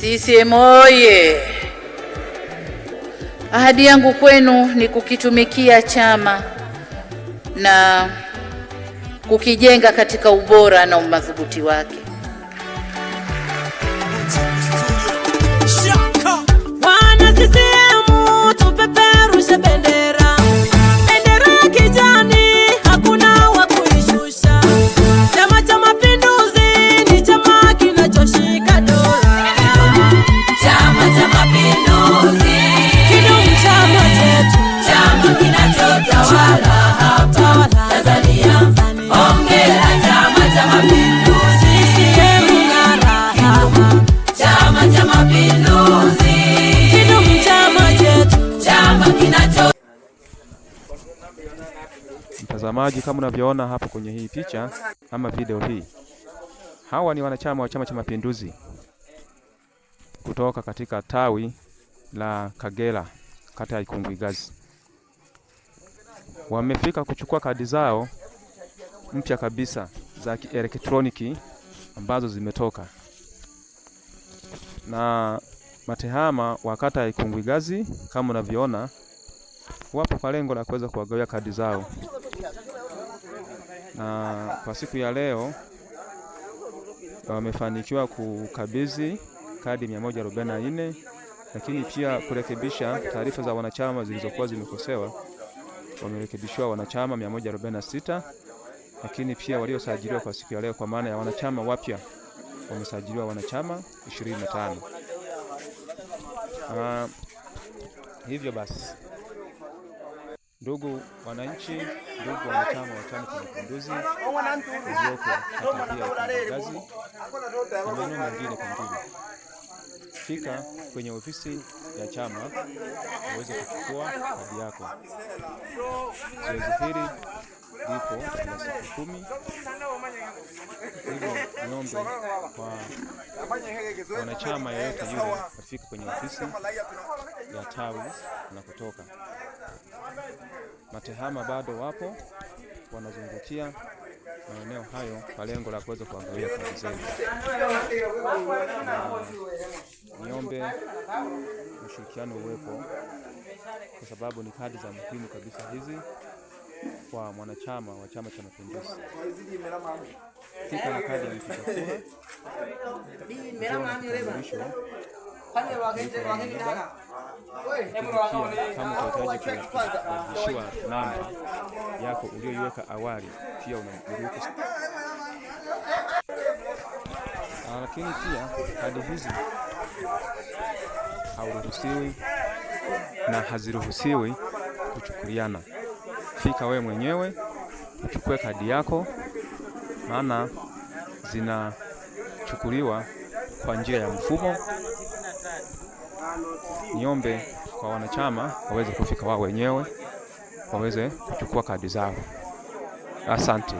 CCM oye! Ahadi yangu kwenu ni kukitumikia chama na kukijenga katika ubora na umadhubuti wake. Mtazamaji, kama unavyoona hapo kwenye hii picha ama video hii, hawa ni wanachama wa Chama cha Mapinduzi kutoka katika tawi la Kagera, kata ya Ikungigazi. Wamefika kuchukua kadi zao mpya kabisa za kielektroniki ambazo zimetoka na matehama wa kata ya Ikungigazi kama unavyoona wapo kwa lengo la kuweza kuwagawia kadi zao na kwa siku ya leo wamefanikiwa kukabidhi kadi 144 lakini pia kurekebisha taarifa za wanachama zilizokuwa zimekosewa. Wamerekebishiwa wanachama 146 lakini pia waliosajiliwa kwa siku ya leo, kwa maana ya wanachama wapya wamesajiliwa wanachama 25. Uh, ah, hivyo basi Ndugu wananchi, ndugu wanachama wa Chama cha Mapinduzi, iliyoko Kata ya na maeneo mengine pengine, fika kwenye ofisi ya chama uweze kuchukua kadi yako. Zoezi hili lipo kila siku kumi, hivyo niombe kwa wanachama yeyote yule wafika kwenye ofisi ya tawi na kutoka Matehama bado wapo wanazungukia maeneo hayo kwa lengo la kuweza kuangalia kazi Niombe ushirikiano uwepo, kwa sababu ni kadi za muhimu kabisa hizi kwa mwanachama wa Chama cha Mapinduzi. Fika na kadi ya kama utahitaji kushua namba yako uliyoiweka awali, pia unaiweka lakini pia kadi hizi hauruhusiwi na haziruhusiwi kuchukuliana. Fika wewe mwenyewe uchukue kadi yako, maana zinachukuliwa kwa njia ya mfumo niombe kwa wanachama waweze kufika wao wenyewe waweze kuchukua kadi zao. Asante.